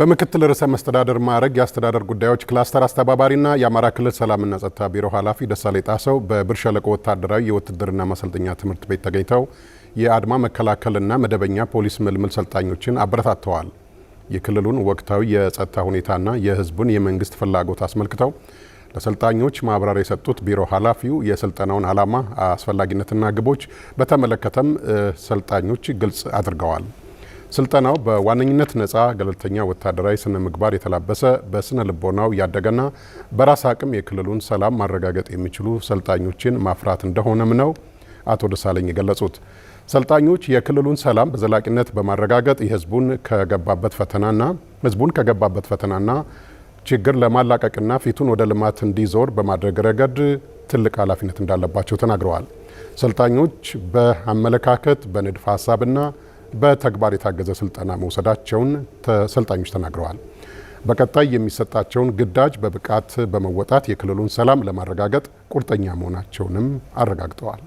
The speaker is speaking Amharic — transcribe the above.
በምክትል ርዕሰ መስተዳደር ማዕረግ የአስተዳደር ጉዳዮች ክላስተር አስተባባሪና የአማራ ክልል ሰላምና ጸጥታ ቢሮ ኃላፊ ደሳሌ ጣሰው በብር ሸለቆ ወታደራዊ የውትድርና ማሰልጠኛ ትምህርት ቤት ተገኝተው የአድማ መከላከልና መደበኛ ፖሊስ ምልምል ሰልጣኞችን አበረታተዋል። የክልሉን ወቅታዊ የጸጥታ ሁኔታና የሕዝቡን የመንግስት ፍላጎት አስመልክተው ለሰልጣኞች ማብራሪያ የሰጡት ቢሮ ኃላፊው የስልጠናውን ዓላማ አስፈላጊነትና ግቦች በተመለከተም ሰልጣኞች ግልጽ አድርገዋል። ስልጠናው በዋነኝነት ነፃ፣ ገለልተኛ፣ ወታደራዊ ስነ ምግባር የተላበሰ በስነ ልቦናው ያደገና በራስ አቅም የክልሉን ሰላም ማረጋገጥ የሚችሉ ሰልጣኞችን ማፍራት እንደሆነም ነው አቶ ደሳለኝ የገለጹት። ሰልጣኞች የክልሉን ሰላም በዘላቂነት በማረጋገጥ የህዝቡን ከገባበት ፈተናና ህዝቡን ከገባበት ፈተናና ችግር ለማላቀቅና ፊቱን ወደ ልማት እንዲዞር በማድረግ ረገድ ትልቅ ኃላፊነት እንዳለባቸው ተናግረዋል። ሰልጣኞች በአመለካከት በንድፈ ሀሳብና በተግባር የታገዘ ስልጠና መውሰዳቸውን ተሰልጣኞች ተናግረዋል። በቀጣይ የሚሰጣቸውን ግዳጅ በብቃት በመወጣት የክልሉን ሰላም ለማረጋገጥ ቁርጠኛ መሆናቸውንም አረጋግጠዋል።